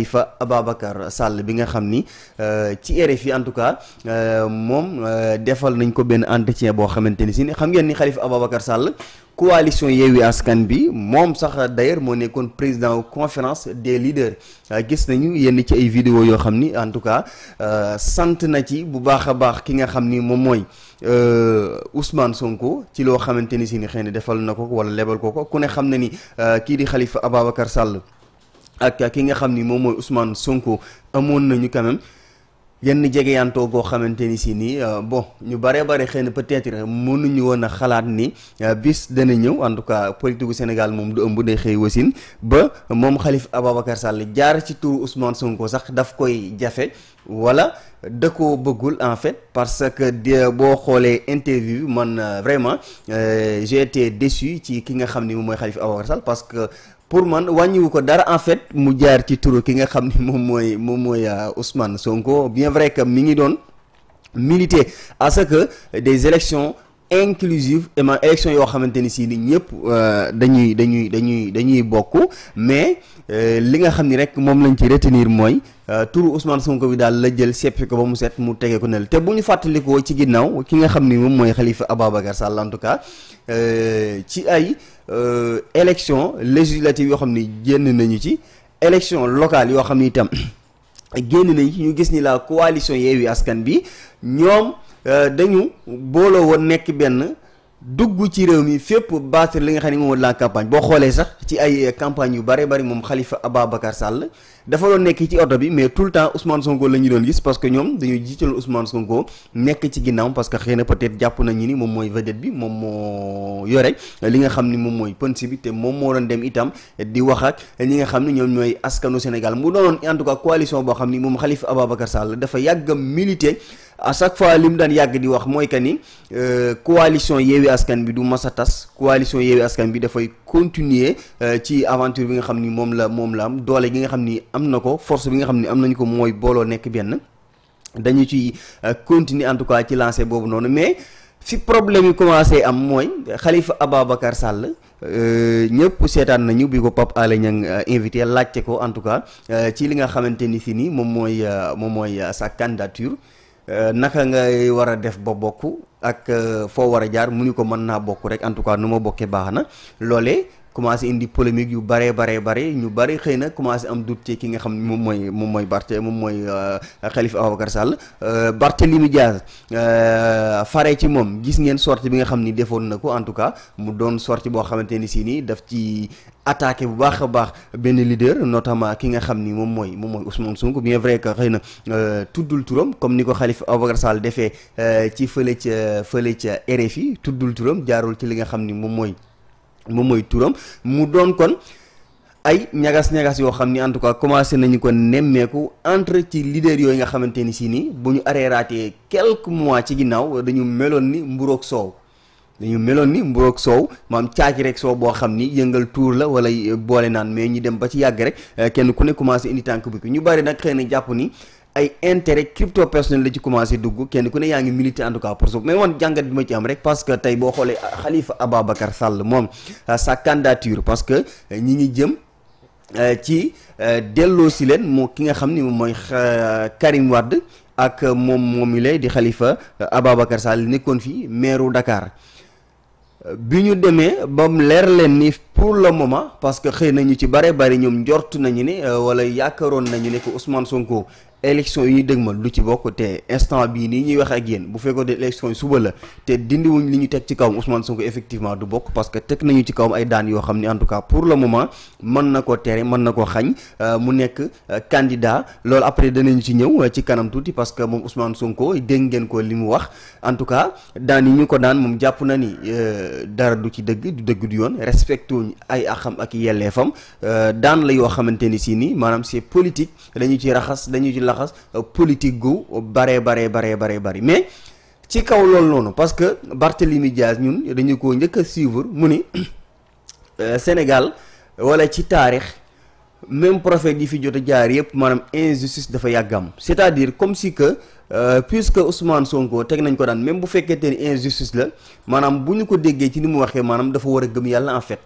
Khalifa Ababacar Sall bi nga xam ni euh, ci RFI en tout cas euh, moom euh, defal nañ ko benn entretien boo xamante ni si xam ngeen ni Khalifa Ababacar Sall coalition Yewwi Askan bi moom sax d'ailleurs moo nekkoon président conférence des leaders gis nañu yenn ci ay vidéo yoo xam ni en tout cas sant na ci bu baax a baax ki nga xam ni moom mooy Ousmane Sonko ci loo xamante ni si xëy na defal na ko wala lebal ko ko ku ne xam na ni kii di Khalifa Ababacar ak ki nga xam ni moom mooy Ousmane Sonko amoon nañu quand yenn jegeyantoo goo xamante ni si nii euh, bon ñu bare bare xëy na peut-être mënuñu woon a xalaat ni euh, bis dana ñëw en tout cas politique gu Sénégal moom du ëmb day xëy wasin ba moom Khalifa Ababacar Sall jaar ci turu Ousmane Sonko sax daf koy jafe wala da bëggul en fait parce que euh, boo xoolee interview man vraiment j'ai été déçu ci ki nga xam ni moom mooy Khalifa Ababacar Sall parce que. pour man wàññiwu ko dara en fait mu jaar ci turu ki nga xam ni moom mooy moom mooy euh, Ousmane Sonko bien vrai que mi ngi doon militer à ce que des élections inclusive et ma yoo xamante ni si ni ñëpp euh, dañuy dañuy dañuy dañuy bokk mais euh, li nga xam ni rek moom lañ ci retenir mooy euh, turu Ousmane Sonko bi daal la jël seppi ko ba mu set mu tege ko nel te bu ñu fàttalikoo ci ginnaaw ki nga xam ni moom mooy Khalifa Ababacar Sall en tout ci ay élection législative yoo xam ni génn nañu ci élection locale yoo xam ni itam génn nañu ci ñu gis ni la coalition Yewwi Askan bi ñoom Euh, dañu booloo woon nekk benn dugg ci réew mi fépp battre li nga xam ne moom la campagne boo xoolee sax ci ay campagne yu bare bari moom Khalifa Ababacar Sall dafa nekk ci oto bi mais tout le temps Ousmane Sonko la ñu doon gis parce que ñoom dañuy jiital Ousmane Sonko nekk ci ginnaaw parce que xëy na peut-être jàpp nañu ni moom mooy vedette bi moom moo yore li nga xam ni moom mooy pënc te moom moo doon dem itam di wax ak ñi nga xam ne ñoom ñooy askanu Sénégal mu doonoon en tout cas coalition boo xam ni moom Khalifa Ababacar Sall dafa yàgg a militer à chaque fois li mu daan yàgg di wax mooy que ni euh, coalition Yewwi Askan bi du mas a tas coalition Yewwi Askan bi dafay continuer euh, ci aventure bi nga xam ni moom la moom la am doole gi nga xam ni am na ko force bi nga xam ni am nañu ko mooy booloo nekk benn dañu ci euh, continuer en tout cas ci lancé boobu noonu mais fi problème yi commencé am mooy Khalifa Ababacar Sall ñëpp seetaan nañu bi ko Pape Alé Niang invité laajte ko en tout cas ci li nga xamante ni si nii moom mooy moom mooy sa candidature Euh, naka ngay war a def ba bokk ak euh, foo war a jaar mu ni ko mën naa bokk rek en tout cas nu ma bokkee baax na loole commencé indi polémique yu bare bare bare ñu bare xëy na commencé am doute ci ki nga xam ne moom mooy moom mooy Barthé moom mooy euh, Khalifa Ababacar Sall Barthélémy Dias fare ci moom gis ngeen sortie bi nga xam ni defoon na ko en tout cas mu doon sortie boo xamante ni si nii daf ci attaqué bu baax a baax benn leader notamment ki nga xam ni moom mooy moom mooy Ousmane Sonko bien vrai que xëy na euh, tuddul turam comme ni ko Khalifa Ababacar Sall defee euh, ci fële ca fële ca RFI tuddul turam jaarul ci li nga xam ni moom mooy moom mooy turam mu doon kon ay ñagas-ñagas yoo xam ni en tout cas commencé nañu ko nemmeeku entre ci leader yooyu nga xamante ni si nii bu ñu arrêté quelques mois ci ginnaaw dañu meloon ni mburoog soow dañu meloon ni mburoog soow maam caaci rek soow boo xam ni yëngal tuur la wala boole naan mais ñu dem ba ci yàgg rek eh, kenn ku ne commencé indi tànk bu ñu bari nag xëy na jàpp ni ay intérêt crypto personnel la ci commencé dugg kenn ku ne yaa ngi milité en tout cas pour ça mais man jàngat bi ma ci am rek parce que tey boo xoolee Khalifa Ababacar Sall moom euh, sa candidature parce que euh, ñi ngi jëm euh, ci delloo si leen moo ki nga xam ni moom mooy Karim Wade ak moom moom mi lay di Khalifa Ababacar Sall nekkoon fii maire Dakar. bi ñu demee bam leer leen ni pour le moment parce xëy nañu ci bare bari ñoom njort nañu ni euh, wala yaakaaroon nañu ne ko Ousmane Sonko élection yi ñuy dëgmal lu ci bokk te instant bii nii ñuy wax ak yéen bu fekkoon ne élection yi suba la te dindiwuñ li ñu teg ci kawam Ousmane Sonko effectivement du bokk parce que teg nañu ci kawam ay daan yoo xam ne en tout cas pour le moment mën na ko tere mën na ko xañ euh, mu nekk euh, candidat loolu après danañu ci ñëw euh, ci kanam tuuti parce que moom Ousmane Sonko dégg ngeen ko li mu wax en tout cas daan yi ñu ko daan moom jàpp na ni dara du ci dégg du dëgg du yoon respecté wuñ ay axam ak yelleefam daan la yoo xamante ni si nii maanaam c'est politique dañu laxas euh, politique gu baree baree baree baree bari mais ci kaw loolu noonu parce que Barthélemy Diaz ñun dañu ko njëkk a suivre mu ni euh, Sénégal wala ci taarix même prophète yi fi jot a jaar yëpp maanaam injustice dafa yàggam c'est-à-dire comme si que euh, puisque Ousmane Sonko teg nañ ko daan même bu fekkee ni injustice la maanaam bu ñu ko déggee ci ni mu waxee maanaam dafa war a gëm yàlla en fait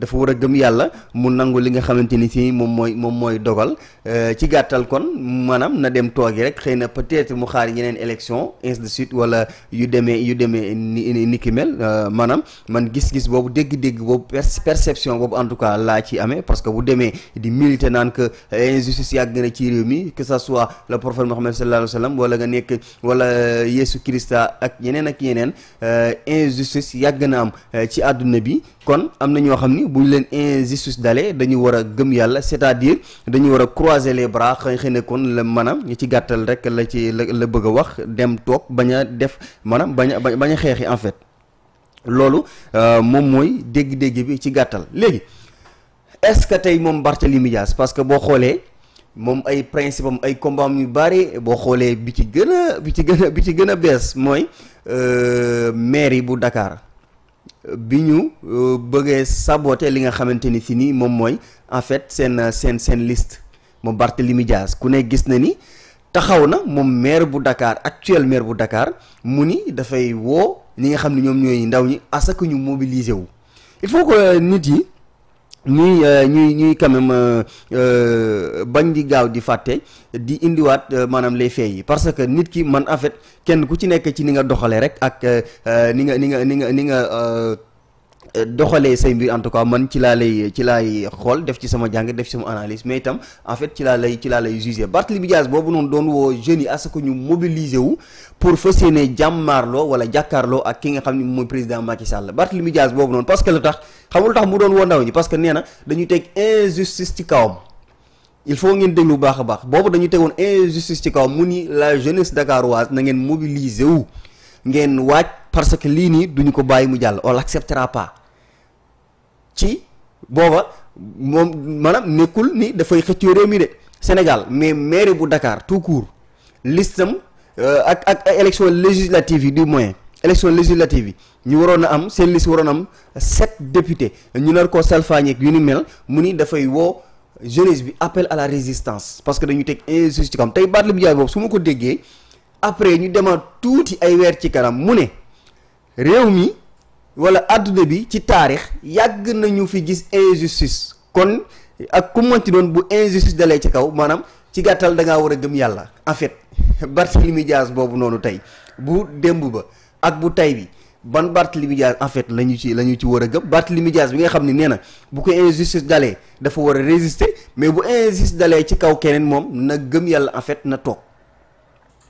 dafa war a gëm yàlla mu nangu li nga xamante ni fii moom mooy moom mooy dogal euh, ci gàttal kon maanaam na dem toogi rek xëy na peut-être mu xaar yeneen élection ainsi de suite wala yu demee yu demee ni ni ki mel euh, maanaam man gis-gis boobu dégg-dégg boobu perception boobu en tout cas laa ci amee parce que bu demee di militer naan que injustice yàgg na ci réew mi que ça soit le prophète Mohammed sallallahu alayhi wa sallam wala nga nekk wala Yeesu Krista ak yeneen ak yeneen euh, injustice yàgg na am ci àdduna bi kon am na ñoo xam ni bu ñu leen injustice dalee dañu war a gëm yàlla c'est-à-dire dañu war a croiser les bras xëy ne kon la maanaam ñu ci gàttal rek la ci la la bëgg a wax dem toog bañ a def maanaam bañ a bañ xeexi en fait loolu euh, moom mooy dégg-dégg bi ci gàttal léegi est-ce que tey moom Barthélémy Dias parce que boo xoolee moom ay principe am ay combat yu bari boo xoolee bi ci gën a bi ci gën bi ci gën a bees mooy euh, mairie bu Dakar. bi ñu euh, bëggee saboter li nga xamante ni si nii moom mooy en fait seen seen seen liste moom Barthélemy Dias ku ne gis na ni taxaw na moom maire bu dakaar actuel maire bu dakaar mu ni dafay woo li nga xam ne ñoom ñooy ndaw ñi à ce ñu mobiliser wu il faut que nit yi. ñuy euh, ñuy ñuy quand même euh, euh, bañ di gaaw di fàtte di indiwaat maanaam les faits yi parce que nit ki man en fait kenn ku ci nekk ci ni nga doxalee rek ak ni nga ni nga ni nga ni nga doxalee say mbir en tout cas man ci laa lay ci laay xool def ci sama jàng def ci sama analyse mais itam en fait ci laa lay ci laa lay jugé Barthélémy Dias boobu noonu doon woo jeunes yi à que ñu mobiliser wu pour fas yéene jàmmaarloo wala jàkkaarloo ak ki nga xam ne mooy président Macky Sall Barthélémy Dias boobu noonu parce que lu tax xamul tax mu doon woo ndaw ñi parce que nee na dañuy teg injustice ci kawam. il faut ngeen déglu baax a baax boobu dañu tegoon injustice ci kaw mu ni la jeunesse dakaroise na ngeen mobiliser wu ngeen waaj parce que lii nii duñu ko bàyyi mu jàll on l'acceptera pas ci booba moom maanaam nekkul ni dafay xëccoo réew mi de Sénégal mais maire bu Dakar tout court listam euh, ak ak élection législative yi du moyen élection législative yi ñu waroon a am seen liste waroon a am sept députés ñu nar koo salfaañeeg yu ni mel mu ni dafay woo jeunesse bi appel à la résistance parce que dañu teg injustice ci kam tey baat lu bu jaay boobu su ma ko déggee après ñu demaat tuuti ay weer ci kanam mu ne réew mi wala àdduna bi ci taarix yàgg nañu fi gis injustice kon ak ku mënti doon bu injustice dalee ci kaw maanaam ci gàttal da war a gëm yàlla en fait Barthélemy Dias boobu noonu tey bu démb ba ak bu tey bi ban Barthélemy Dias en fait la ñu ci la ñu ci war a gëm Barthélemy Dias bi nga xam ne nee na bu ko injustice dalee dafa war a résister mais bu injustice dalee ci kaw keneen moom na gëm yàlla en fait na toog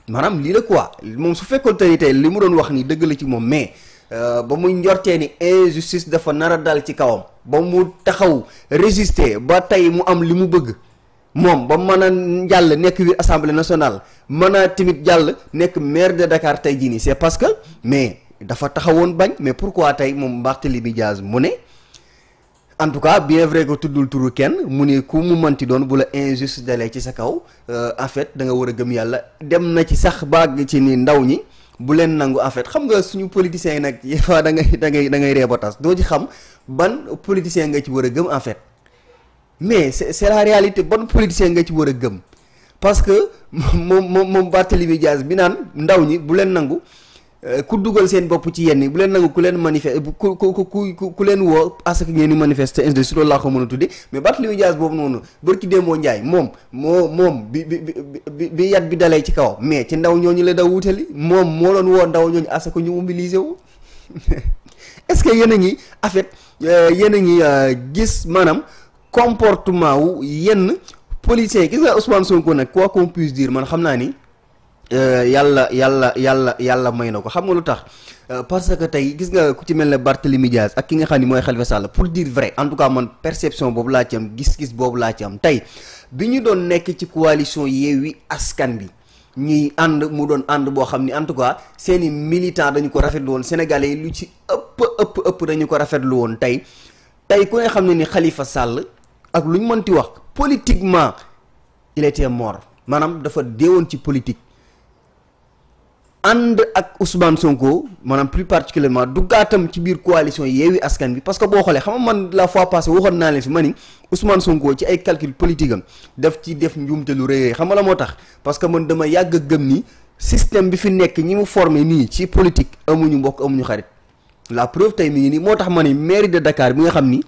maanaam lii la quoi moom su fekkoon tey tey li mu doon wax ni dëgg la ci moom mais. Euh, ba muy njortee ni injustice dafa nar a dal ci kawam ba mu taxaw résister ba tey mu am li mu bëgg moom ba mën a jàll nekk biir assemblée nationale mën a tamit jàll nekk maire de Dakar tey jii nii c'est parce que mais dafa taxawoon bañ mais pour pourquoi tey moom Barthélémy Diaz mu ne en tout cas bien vrai que tuddul turu kenn mu ne ku mu manti doon bu la injuste dalee ci sa kaw euh, en fait da nga war a gëm yàlla dem na ci sax baag ci ni ndaw ñi bu leen nangu en fait xam nga suñu politiciens yi nag yéen da ngay da ngay da ngay reebotas doo ci xam ban politicien nga ci war a gëm en fait mais c'est c'est la réalité ban politicien nga ci war a gëm parce que moom moom moom Barthélémy Dias bi naan ndaw ñi bu leen nangu. Euh, ku dugal seen bopp ci yenn bu leen nangu ku leen manifeste euh, ku ku ku ku leen woo parce que ngeen di manifester ainsi de suite loolu laa ko mën a tuddee mais Barthélémy Dias boobu noonu barki Demba Ndiaye moom moo moom bi bi bi bi yat bi dalee ci kaw mais ci ndaw ñooñu la daw wutali moom moo doon woo ndaw ñooñu parce que ñu mobiliser wu ce que yéen a ngi en fait euh, yéen a ngi gis maanaam comportement wu yenn policiers gis nga Ousmane Sonko nag quoi qu'on puisse dire man xam naa ni. Euh, yàlla yàlla yàlla yàlla may na ko xam nga lu tax euh, parce que tey gis nga ku ci mel ne Barthélemy Diaz ak ki nga xam ni mooy Khalifa Sall pour dire vrai en tout cas man perception boobu laa ci am gis-gis boobu laa ci am tey bi ñu doon nekk ci coalition Yewwi Askan bi ñuy ànd mu doon ànd boo xam ni en tout cas seeni militant dañu ko rafetlu woon sénégalais yi lu ci ëpp ëpp ëpp dañu ko rafetlu woon tey tey ku nga xam ne ni xalifa sàll ak lu ñu mënti wax politiquement il était maanaam dafa deewoon ci politique. ànd ak Ousmane Sonko maanaam plus particulièrement duggaatam ci biir coalition Yewwi Askan bi parce que boo xoolee xam nga man la fois passée waxoon naa leen fi ma ni Ousmane Sonko ci ay calcul politique am daf ci def njuumte lu rëy xam nga la moo tax parce que man dama yàgg a gëm ni système bi fi nekk ñi mu formé nii ci politique amuñu mbokk amuñu xarit la preuve tey mi ngi nii moo tax ma ni mairie de Dakar bi nga xam ni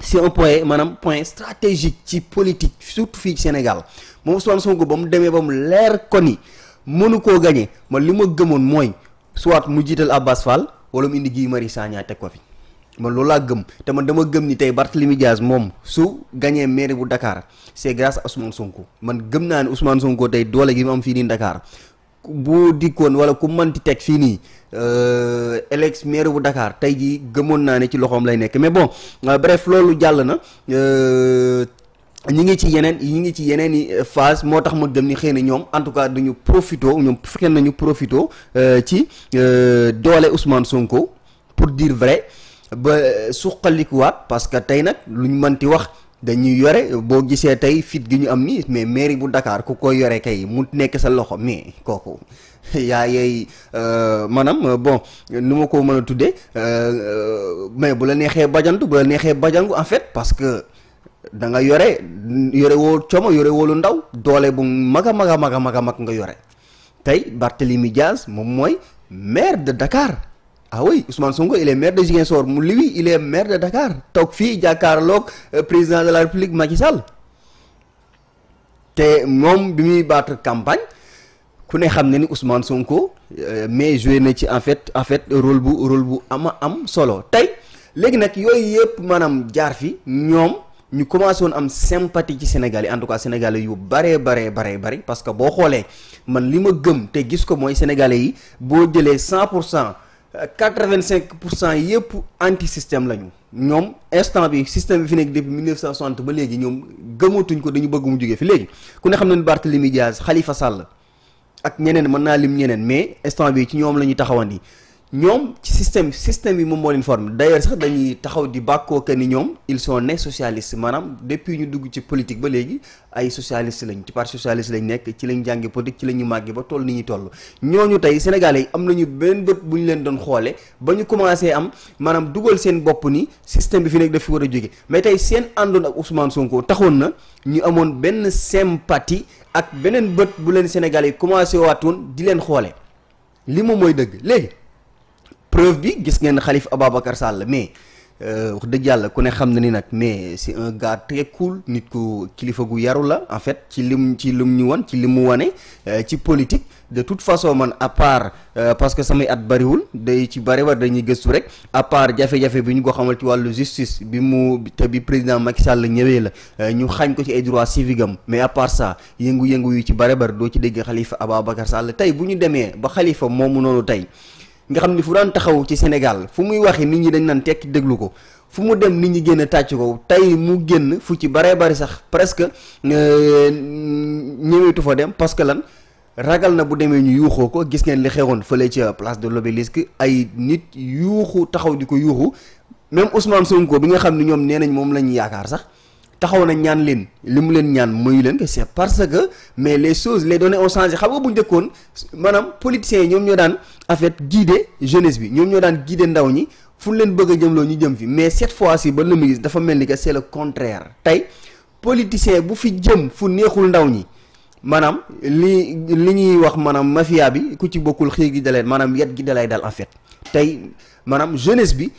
c'est un point maanaam point stratégique ci politique surtout fii Sénégal moom Ousmane Sonko ba mu demee ba mu leer ko ni mënu koo gañee man li ma gëmoon mooy soit mu jiital Abbas Fall wala mu indi Guy Marius Sagna teg ko fi man loolu laa gëm te man dama gëm ni tey Barthélemy Diaz moom su gañee mairie bu Dakar c'est grâce à Sonko man gëm naa ne Ousmane Sonko tey doole gi mu am fii nii ndakaar bu dikkoon wala ku mënti teg fii nii élex euh, maire bu Dakar tey jii gëmoon naa ne ci loxoom lay nekk mais bon euh, bref loolu jàll na euh, ñi ngi ci yeneen ñi ngi ci yeneen i euh, phase moo tax ma dem ni xëy na ñoom en tout cas dañu profito ñoom fekkee nañu profito euh, ci euh, doole Ousmane Sonko pour dire vrai ba suqalikuwaat parce que tey nag lu ñu mënti wax dañuy yore boo gisee tey fit gi ñu am ni mais mairie bu Dakar ku koy yore kay mu nekk sa loxo mais kooku yaa yeey maanaam bon nu ma ko mën a tuddee mais bu la neexee bajant bu la neexee bajangu en fait parce que. da nga yore yore woo como yore woo lu ndaw doole bu mag a mag a mag a mag a mag nga yore tey Barthélemy Diaz moom mooy maire de Dakar ah oui Ousmane Sonko il est maire de Ziguinchor mu lui il est maire de Dakar toog fii jàkkaarloog euh, président de la République Macky Sall te moom bi muy battre campagne ku ne xam ne ni Ousmane Sonko euh, mais joué na ci en fait en fait rôle bu rôle bu ama am solo tey léegi nag yooyu yëpp maanaam jaar fi ñoom. ñu commencé woon am sympathie ci Sénégal yi en tout cas sénégalais yu baree baree baree bari parce que boo xoolee man li ma gëm te gis ko mooy sénégalais yi boo jëlee cent pour cent quatre vingt cinq pour cent yëpp anti système la ñu ñoom instant bi système bi fi nekk depuis 1960 ba léegi ñoom gëmatuñ ko dañu bëgg mu jógee fi léegi ku ne xam ne Barthélémy Dias xalifa Sall ak ñeneen mën naa lim ñeneen mais instant bi ci ñoom la ñuy taxawandi ñoom ci système système yi moom moo leen formé d'ailleurs sax dañuy taxaw di bàkkoo que ni ñoom il sont ne socialistes maanaam depuis ñu dugg ci politique ba léegi ay socialiste lañ ci parti socialiste lañ nekk ci lañ jànge politique ci la ñu màggee ba toll ni ñuy toll ñooñu tey sénégale yi am nañu benn bët bu ñu leen doon xoolee ba ñu commencé am maanaam dugal seen bopp ni système bi fi nekk dafa war a jóge mais tey seen àndoon ak Ousmane Sonko taxoon na ñu amoon benn sympathie ak beneen bët bu leen sénégalais yi commencé waatoon di leen xoolee li moom mooy dëgg léegi. preuve bi gis ngeen xalifa Ababacar Sall mais euh, wax dëgg yàlla ku ne xam na ni nag mais c'est un gars très cool nit ku kilifa gu yaru la en fait ci lim ci lim ñu wan ci li mu wane euh, ci politique de toute façon man à part euh, parce que samay at bariwul day ci bari war dañuy gëstu rek à part jafe-jafe bi ñu ko xamal ci wàllu justice bi mu te bi président Macky Sall ñëwee la ñu xañ ko ci ay droits civiques mais à part yëngu-yëngu yu ci bari bari doo ci dégg xalifa Ababacar Sall tey bu ñu demee ba Khalifa moomu noonu tey. nga xam ni fu daan taxaw ci Sénégal fu muy waxi nit ñi dañu naan tekki déglu ko fu mu dem nit ñi génn tàcc ko tey mu génn fu ci baree bari sax presque euh, ñëweetu fa dem parce que lan ragal na bu demee ñu yuuxoo ko gis ngeen li xewoon fële ci place de l'obélisque ay nit yuuxu taxaw di ko yuuxu même Ousmane sunko bi nga xam ni ñoom nee nañ moom la ñu yaakaar sax taxaw na ñaan leen li mu leen ñaan mayu leen que c'est parce que mais les choses les données ont changé xam nga bu njëkkoon maanaam politiciens yi ñoom ñoo daan en fait guider bi ñoom ñoo daan guider ndaw ñi fu ñu leen bëgg a jëmloo ñu jëm fi mais cet fois ci ba le ministre dafa mel ni que c'est le contraire tey politicien bu fi jëm fu neexul ndaw ñi maanaam li li ñuy wax maanaam mafia bi ku ci bokkul xiir gi daleen maanaam yet gi dalay dal en fait tey maanaam jeunesse bi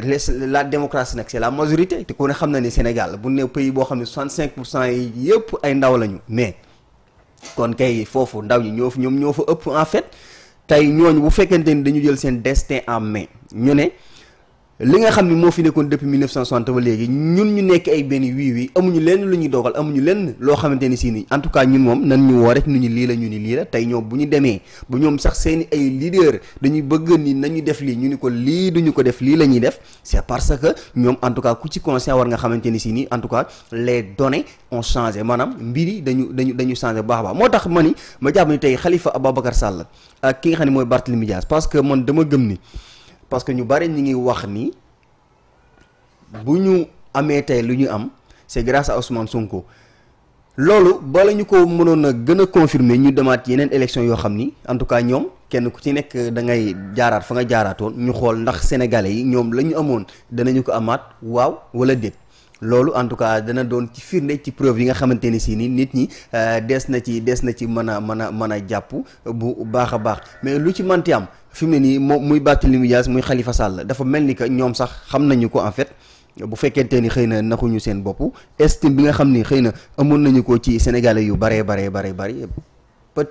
te les la démocratie nag c'est la majorité te ku ne xam na ni Sénégal bu ne pays boo xam ne 65 pour cent yi yëpp ay ndaw lañu mais kon kay foofu ndaw ñi ñoo ñoom ñoo fa ëpp en fait tey ñooñu bu fekkente ni dañu jël seen destin en mais ñu ne. li nga xam ne moo fi nekkoon depuis 1960 ba léegi ñun ñu nekk ay benn wii wii amuñu lenn lu ñuy dogal amuñu lenn loo xamante ni si ni en tout cas ñun moom nan ñu woo rek nu ñu lii la ñu ni lii la tey ñoom bu ñu demee bu ñoom sax seeni ay leader dañuy bëgg ni nañu def lii ñu ni ko lii duñu ko def lii la ñuy def c'est parce que ñoom en tout cas ku ci conscient war nga xamante ni si ni en tout cas les données ont changé maanaam mbir yi dañu dañu dañu changé bu a moo tax ma ni ma jàpp tey Khalifa Ababacar Sall ak ki nga xam ne mooy Barthélémy Dias parce que man dama gëm ni parce que ñu bari ñi ngi wax nii bu ñu amee tey lu ñu am c'est grâce à Ousmane Sonko loolu bala ñu ko mënoon a gën a confirmer ñu demaat yeneen élection yoo xam ni en tout cas ñoom kenn ku ci nekk da ngay jaaraat fa nga jaaraatoon ñu xool ndax sénégalais yi ñoom la ñu amoon danañu ko amaat waaw wala déet. loolu en tout cas dana doon ci firnde ci preuve yi nga xamante ne si ni nit ñi euh, des na ci des na ci mën a mën a mën a jàpp bu baax a baax mais lu ci manti am fi mu ne nii moom muy Barthélémy Dias muy xalifa Sall dafa mel ni que ñoom sax xam nañu ko en fait bu fekkente ni xëy na naxuñu seen bopp estime bi nga xam ni xëy na amoon nañu ko ci sénégalais yu baree baree baree bari peut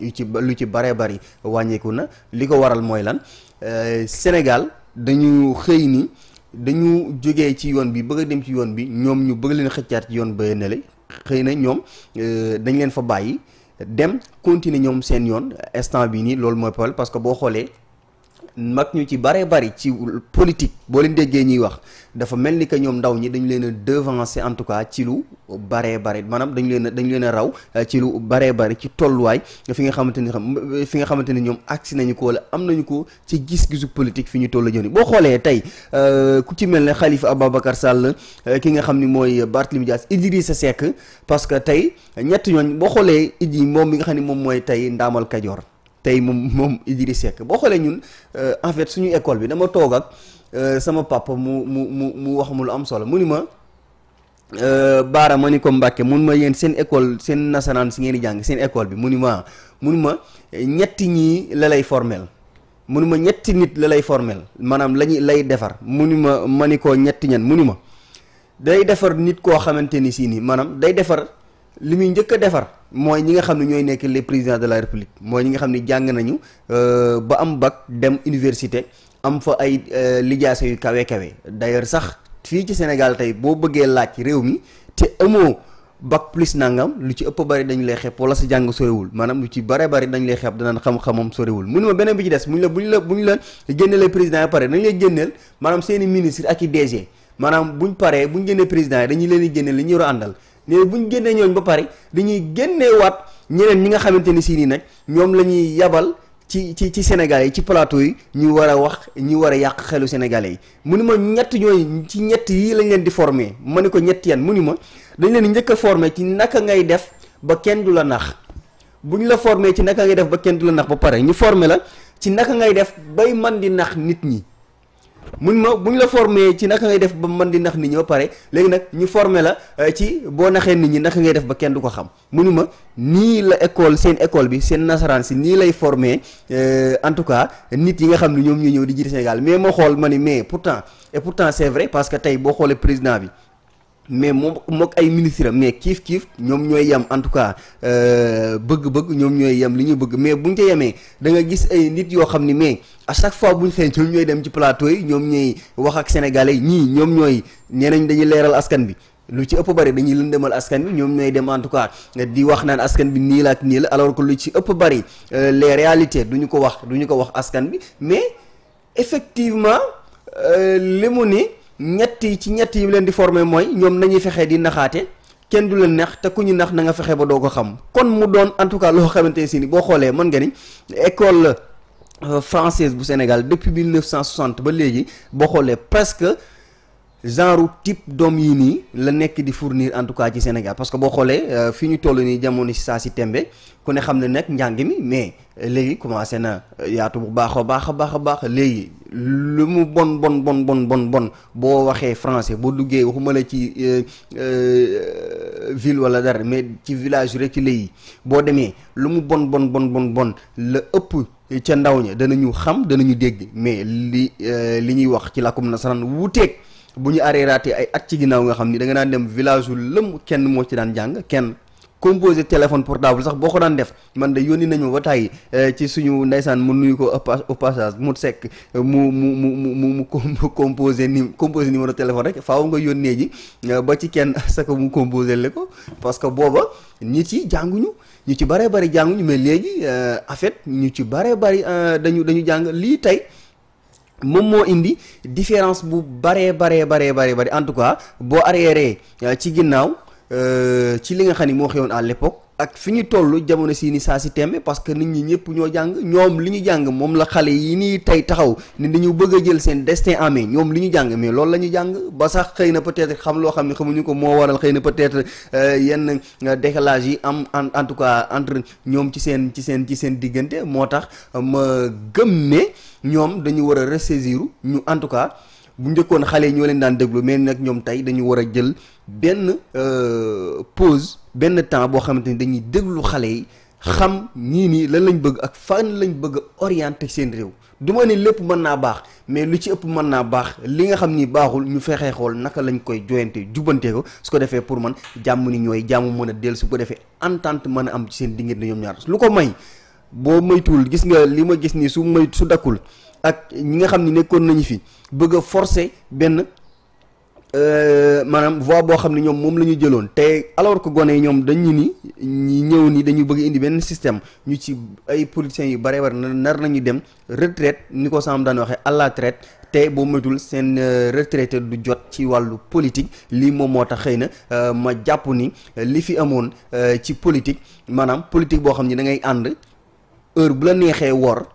yu ci lu ci baree bari wàññeeku na li ko waral mooy lan euh, Sénégal dañu xëy ni dañu jógee ci yoon bi bëgg a dem ci yoon bi ñoom ñu bëgg leen xëccaat ci yoon ba nale xëy na ñoom euh, dañ leen fa bàyyi dem continuer ñoom seen yoon instant bi nii loolu mooy problème parce que boo xoolee mag ñu ci bare bari ci politique boo leen déggee ñuy wax dafa mel ni que ñoom ndaw ñi dañu leen a devancer en tout cas ci lu baree bare maanaam dañu leen a dañu leen a raw euh, ci lu baree bare ci tolluwaay fi nga xamante ni xam fi xamante ni ñoom agsi nañu ko wala am nañu ko ci gis-gisu politique fi ñu toll jëni boo xoolee tey euh, ku ci mel ne xalifa Ababacar Sall euh, ki nga xam ni mooy Barthélémy Dias Idrissa Seck parce que tey ñett ñooñ boo xoolee Idi moom mi nga xam ni moom mooy tey Ndaamal Kajoor tey moom moom Idriss Seck boo xoolee ñun euh, en suñu école bi dama toog euh, sama papa mu mu mu mu wax mu lu am solo mu ni ma euh, Baara ma ni ko Mbàkke mun ma yéen seen école seen nasaraan si ngeen di jàng seen école bi mu ni ma mun ma ñetti ñii la lay formel munu ma ñetti nit la lay formel maanaam la lay defar munu ma ma ni ko ñetti ñan munu ma day defar nit koo xamante ni si nii day defar. li muy njëkk defar mooy ñi nga xam ne ñooy nekk les présidents de la république mooy ñi nga xam ni jàng nañu euh, ba am bac dem université am fa ay euh, lijaase yu kawe kawe d'ailleurs sax fii ci Sénégal tey boo bëggee laaj réew mi te amoo bac plus nangam lu ci ëpp bari dañu lay xeeb wala sa jàng sorewul maanaam lu ci bare bari dañu lay xeeb danaan xam-xamam sorewul mu ne ma beneen bi ci des mu ñu la bu ñu la bu ñu la génnelee président yi pare dañu lay génneel maanaam seeni ministre i DG maanaam buñ paree buñ génnee président yi leen di génneel li ñu war mais bu ñu génnee ñooñ ba pare dañuy génneewaat ñeneen ñi nga xamante ni si nii nag ñoom la ñuy yabal ci ci ci Sénégalais yi ci plateau yi ñu war a wax ñu war a yàq xelu Sénégalais yi mu ni ma ñett ñooy ci ñett yii lañ leen di former ma ne ko ñett yan mu ni ma dañ leen njëkk a former ci naka ngay def ba kenn du la nax bu ñu la forme ci naka ngay def ba kenn du la nax ba pare ñu former la ci naka ngay def bay man di nax nit ñi mun ma bu ñu la formé ci naka ngay def ba mën di nax nit ñi ba pare léegi nag ñu formé la euh, ci boo naxee nit ñi naka ngay def ba kenn du ko xam munu ma nii la école seen école bi seen nasaraan si nii lay formé euh, en tout cas nit yi nga xam ne ñoom ñoo ñëw di jiite Sénégal mais moo xool ma ni mais pourtant et pourtant c'est vrai parce que tey boo xoolee président bi mais moom mook ay ministre am mais kiif kiif ñoom ñooy yem en tout cas euh, bëgg-bëgg ñoom ñooy yem li ñuy bëgg mais buñ ca yemee da nga gis ay nit yoo xam ni mais a chaque fois bu buñ seen ñoom ñooy dem ci plateau yi ñoom ñooy wax ak sénégalais ñii ñoom ñooy ñeneen dañuy leeral askan bi lu ci ëpp bari dañuy lëndamal askan bi ñoom ñooy dem en tout cas di wax naan askan bi nii la ak nii la alors que lu ci ëpp bari euh, les réalités duñu ko wax duñu ko wax askan bi mais effectivement euh, li mu ñett yi ci ñett yi leen di former mooy ñoom nañuy fexe di naxaate kenn du leen nex te ku ñu nax na nga fexe ba doo ko xam kon mu doon en tout cas loo xamante ne si ni boo xoolee mën nga ni école euh, française bu Sénégal depuis 1960 ba léegi boo xoolee presque genre type doom yi nii la nekk di fournir en tout cas ci Sénégal parce que boo xoolee euh, fi ñu toll nii jamono si saa si tembe ku ne xam ne nekk njàng mi mais léegi commencé na yaatu bu baax a baax a baax a baax léegi lu mu bon bon bon bon bon bon boo waxee français boo duggee waxuma la ci euh, euh, ville wala dara mais ci village rek ci léegi boo demee lu mu bon bon bon bon bon la ëpp ca ndaw ña ñu xam danañu dégg mais li euh, li ñuy wax ci làkkum nasaraan wuuteeg bu ñu arrêté ay at ci ginnaaw nga xam ni danga nga dem village wu lëm kenn moo ci daan jàng kenn. composé téléphone portable sax boo ko daan def man de yónni nañu ba tàyyi eh, ci suñu ndaysaan mu nuyu ko au passage mu sekk eh, mu mu mu mu mu mu composé ni composé numéro téléphone rek faaw nga yónnee ji eh, ba ci kenn sa ko mu composé le ko parce que booba nit yi jànguñu ñu ci bare bari jànguñu mais léegi en fait ñu ci bare bari dañu dañu jàng lii tey moom moo indi différence bu baree baree baree baree bari en tout cas boo arrière ci ginnaaw Euh, ci li nga xam ni moo xewoon à l'époque ak fi ñu tollu jamono si ni saa si tembe parce que nit ñi ñëpp ñoo jàng ñoom li ñu jàng moom la xale yi nii tey taxaw ni dañu bëgg a jël seen destin en main ñoom li ñu jàng mais loolu la ñu jàng ba sax xëy na peut xam loo xam ne xamuñu ko moo waral xëy na peut-être euh, yenn euh, décalage yi am en en tout cas entre ñoom ci seen ci seen ci seen diggante moo tax ma gëm ne ñoom dañu war a ressaisir ñu en tout cas bu njëkkoon xale yi ñoo leen daan déglu mais nag ñoom tey dañu war a jël benn euh, pause benn temps boo xamante ni dañuy déglu xale yi xam nii nii lan lañ bëgg ak fan lañ bëgg oriente seen réew du ma lépp mën naa baax mais lu ci ëpp mën naa baax li nga xam ni baaxul ñu fexee xool naka lañ koy joyante jubantee ko su ko defee pour man jàmm ni ñooy jàmm mën a dellu su ko defee entente mën a am ci seen diggante ñoom ñaar lu ko may boo moytuwul gis nga li ma gis nii su may su dakkul ak ñi nga xam ni nekkoon nañu fi bëgg a forcer benn euh, maanaam voie boo xam ne ñoom moom la ñu jëloon te alors que gone yi ñoom dañu ni ñi ñëw nii dañu bëgg indi benn système ñu ci ay politiciens yu bare war nar nañu dem retraite ni ko Sam daan waxee à la te boo matul seen euh, retraité du jot ci wàllu politique lii moom moo tax xëy na euh, ma jàpp ni li fi amoon ci politique maanaam politique boo xam ni da ngay ànd heure bu la neexee wor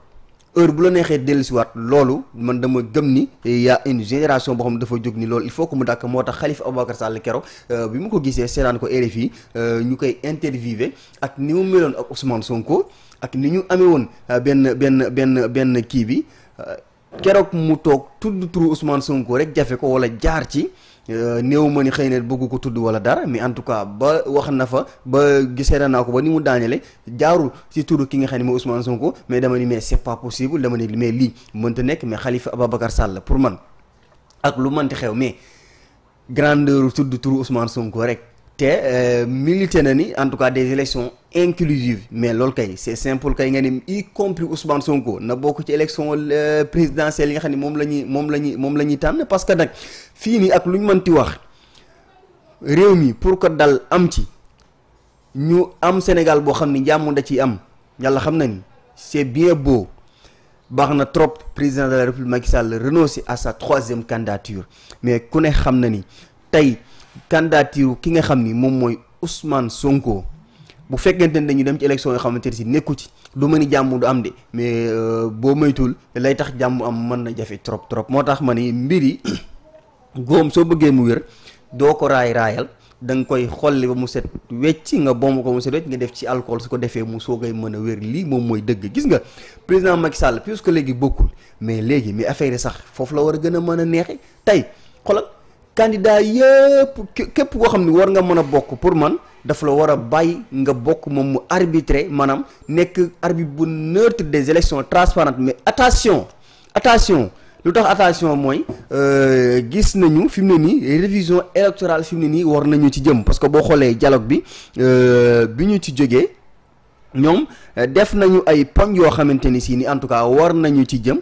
heure bu la neexee dellusiwaat loolu man dama gëm ni y a une génération boo xam dafa jóg ni loolu il faut que mu dàkk moo tax Khalifa Ababacar Sall kero euh, bi mu ko gisee seetaan ko RFI euh, ñu koy interviewé ak ni mu meloon ak Ousmane Sonko ak ni ñu amee woon euh, benn benn benn benn kii bi keroog mu toog tudd turu Ousmane Sonko rek jafe ko wala jaar ci Euh, néew ma ni xëy na bëgg ko tudd wala dara mais en tout cas ba wax na fa ba gisee na naa ko ba ni mu daanele jaarul ci turu ki nga xam ne mooy Ousmane Sonko mais dama ni mais c'est pas possible dama ni mais lii mënta nekk mais Khalifa Ababacar Sall pour man ak lu mënti xew mais grandeur tudd turu Ousmane Sonko rek te euh, milité na ni en tout cas des élections inclusive mais loolu kay c'est simple kay nga ni y compris Ousmane Sonko na bokk ci élection euh, présidentielle yi nga xam ne moom la ñuy moom la moom la ñuy tànn parce que nag fii nii ak lu ñu mënti wax réew mi pour que dal am ci ñu am Sénégal boo xam ni jàmm da ciy am yàlla xam na ni c'est bien beau baax na trop président de la République Macky Sall renoncer à sa troisième candidature mais ku ne xam na ni tey candidature ki nga xam ni moom mooy Ousmane Sonko. bu fekkente ni dañu dem ci élection yoo xamante ne nekku ci du ma ni jàmm du am de mais euh, boo moytuwul lay tax jàmm am man na jafe trop trop moo tax ma ni mbir yi góom soo bëggee mu wér doo ko raay raayal da nga koy xolli ba mu set wecc nga bomb ko mu set wecc nga def ci alcool su ko defee mu soogay mën a wér lii moom mooy dëgg gis nga président Macky Sall puisque léegi bokkul mais léegi mi affaire yi sax foofu la war a gën a mën a neexe tey xolal candidat yëpp képp koo xam ne war nga mën a bokk pour man dafa la war a bàyyi nga bokk moom mu arbitrer maanaam nekk arbitre bu neutre des élections transparentes mais attention attention lu tax attention mooy euh, gis nañu fi mu ne nii révision électorale fi ne nii war nañu ci jëm parce que boo xoolee dialogue bi euh, bi ñu ci jógee ñoom euh, def nañu ay poñ yoo xamante ni si ni en tout cas war nañu ci jëm